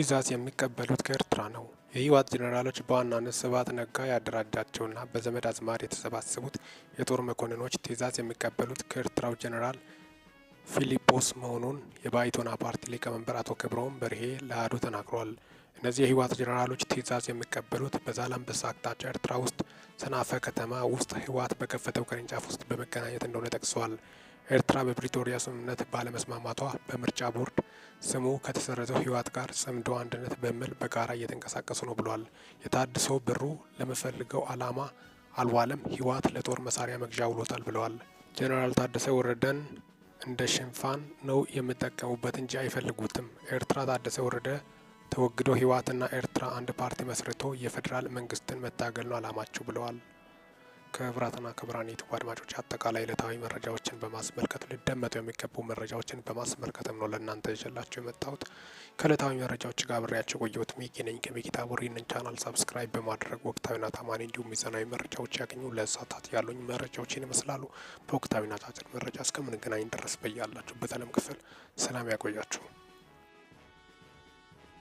ትእዛዝ የሚቀበሉት ከኤርትራ ነው። የህወሓት ጄኔራሎች በዋናነት ስብሀት ነጋ ያደራጃቸውና በዘመድ አዝማድ የተሰባሰቡት የጦር መኮንኖች ትእዛዝ የሚቀበሉት ከኤርትራው ጄኔራል ፊሊጶስ መሆኑን የባይቶና ፓርቲ ሊቀመንበር አቶ ክብረውን በርሄ ለአዶ ተናግሯል። እነዚህ የህወሓት ጄኔራሎች ትእዛዝ የሚቀበሉት በዛላምበሳ አቅጣጫ ኤርትራ ውስጥ ሰናፈ ከተማ ውስጥ ህወሓት በከፈተው ቅርንጫፍ ውስጥ በመገናኘት እንደሆነ ጠቅሰዋል። ኤርትራ በፕሪቶሪያ ስምምነት ባለመስማማቷ በምርጫ ቦርድ ስሙ ከተሰረዘው ህወሓት ጋር ጽምዶ አንድነት በሚል በጋራ እየተንቀሳቀሱ ነው ብሏል። የታድሶ ብሩ ለምፈልገው ዓላማ አልዋለም፣ ህወሓት ለጦር መሳሪያ መግዣ ውሎታል ብለዋል። ጄኔራል ታደሰ ወረደን እንደ ሽንፋን ነው የምጠቀሙበት እንጂ አይፈልጉትም። ኤርትራ ታደሰ ወረደ ተወግዶ ህወሓትና ኤርትራ አንድ ፓርቲ መስርቶ የፌዴራል መንግስትን መታገል ነው ዓላማቸው ብለዋል። ክብራትና ክቡራን ዩቱብ አድማጮች አጠቃላይ ለታዊ መረጃዎችን በማስመልከት ሊደመጡ የሚገቡ መረጃዎችን በማስመልከትም ነው ለእናንተ ይዤላችሁ የመጣሁት። ከለታዊ መረጃዎች ጋር ብሬያቸው ቆየሁት። ሚኪ ነኝ ከሚኪ ይህንን ቻናል ሰብስክራይብ በማድረግ ወቅታዊና ታማኒ እንዲሁም ሚዛናዊ መረጃዎች ያገኙ። ለእሳታት ያሉኝ መረጃዎችን ይመስላሉ። በወቅታዊና ጫጭር መረጃ እስከምንገናኝ ድረስ በያላችሁ በተለም ክፍል ሰላም ያቆያችሁ።